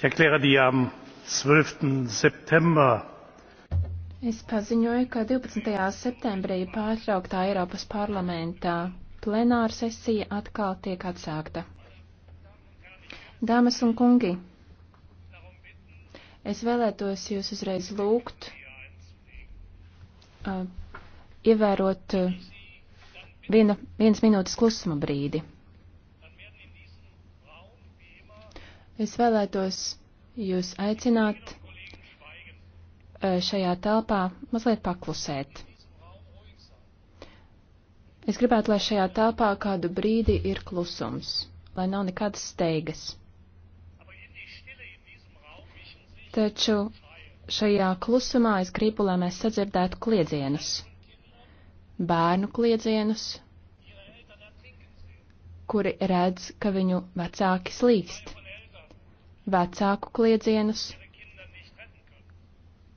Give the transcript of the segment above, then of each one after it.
Ich erkläre die am 12. September Es paziņoju, ka 12. septembrī pārtrauktā Eiropas parlamentā plenāra sesija atkal tiek atsākta. Dāmas un kungi, es vēlētos jūs uzreiz lūgt uh, ievērot uh, viena, vienas minūtes klusuma brīdi. Es vēlētos jūs aicināt eh, šajā telpā mazliet paklusēt. Es gribētu, lai šajā telpā kādu brīdi ir klusums, lai nav nekādas steigas. Taču šajā klusumā es gribu, lai mēs sadzirdētu kliedzienus, bērnu kliedzienus, kuri redz, ka viņu vecāki slīkst vecāku kliedzienus,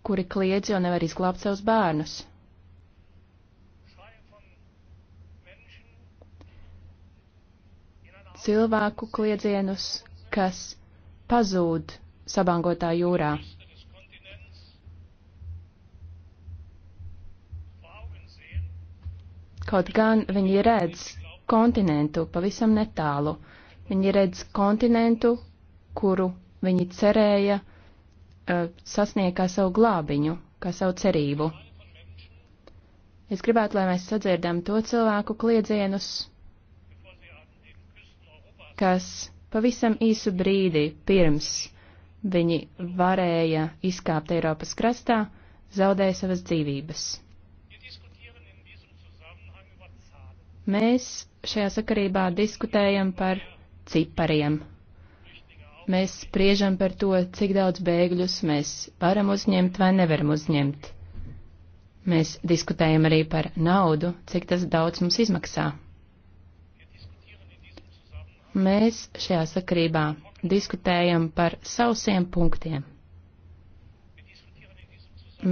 kuri kliedz, jo nevar izglābt savus bērnus. Cilvēku kliedzienus, kas pazūd sabangotā jūrā. Kaut gan viņi redz kontinentu pavisam netālu, viņi redz kontinentu, kuru Viņi cerēja uh, sasniegt kā savu glābiņu, kā savu cerību. Es gribētu, lai mēs sadzirdam to cilvēku kliedzienus, kas pavisam īsu brīdi pirms viņi varēja izkāpt Eiropas krastā, zaudēja savas dzīvības. Mēs šajā sakarībā diskutējam par cipariem. Mēs spriežam par to, cik daudz bēgļus mēs varam uzņemt vai nevaram uzņemt. Mēs diskutējam arī par naudu, cik tas daudz mums izmaksā. Mēs šajā sakarībā diskutējam par sausiem punktiem.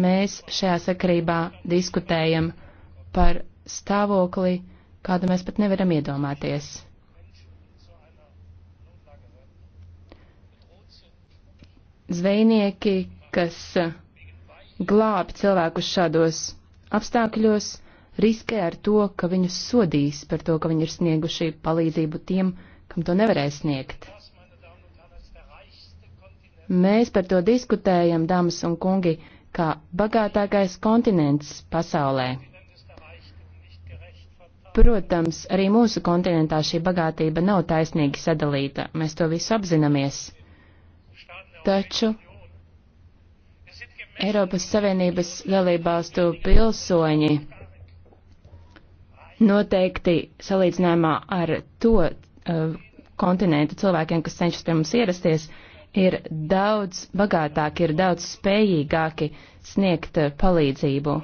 Mēs šajā sakarībā diskutējam par stāvokli, kādu mēs pat nevaram iedomāties. zvejnieki, kas glābi cilvēkus šādos apstākļos, riskē ar to, ka viņus sodīs par to, ka viņi ir snieguši palīdzību tiem, kam to nevarēs sniegt. Mēs par to diskutējam, dāmas un kungi, kā bagātākais kontinents pasaulē. Protams, arī mūsu kontinentā šī bagātība nav taisnīgi sadalīta, mēs to visu apzināmies taču Eiropas Savienības dalībvalstu pilsoņi noteikti salīdzinājumā ar to uh, kontinentu cilvēkiem, kas cenšas pie mums ierasties, ir daudz bagātāki, ir daudz spējīgāki sniegt uh, palīdzību,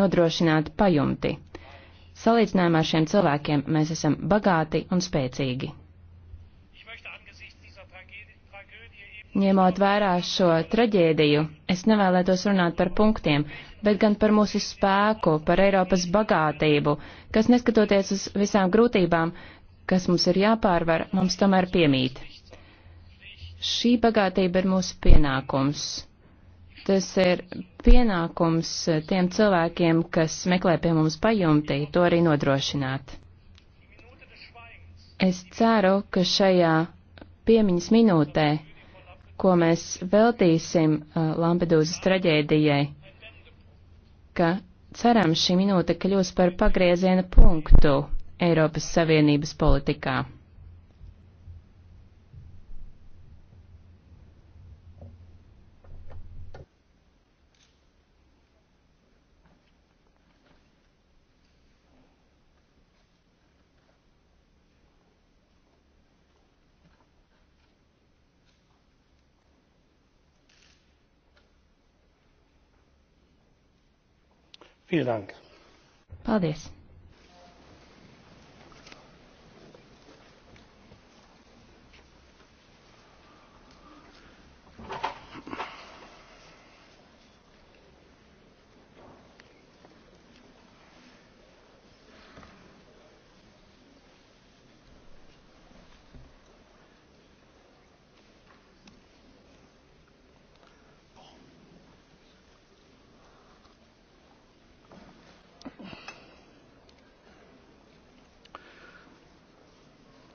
nodrošināt pajumti. Salīdzinājumā ar šiem cilvēkiem mēs esam bagāti un spēcīgi. Ņemot vērā šo traģēdiju, es nevēlētos runāt par punktiem, bet gan par mūsu spēku, par Eiropas bagātību, kas neskatoties uz visām grūtībām, kas mums ir jāpārvar, mums tomēr piemīt. Šī bagātība ir mūsu pienākums. Tas ir pienākums tiem cilvēkiem, kas meklē pie mums pajumtī, to arī nodrošināt. Es ceru, ka šajā piemiņas minūtē ko mēs veltīsim uh, Lampedūzas traģēdijai, ka cerams šī minūte kļūs par pagrieziena punktu Eiropas Savienības politikā. Vielen Dank! Paldies!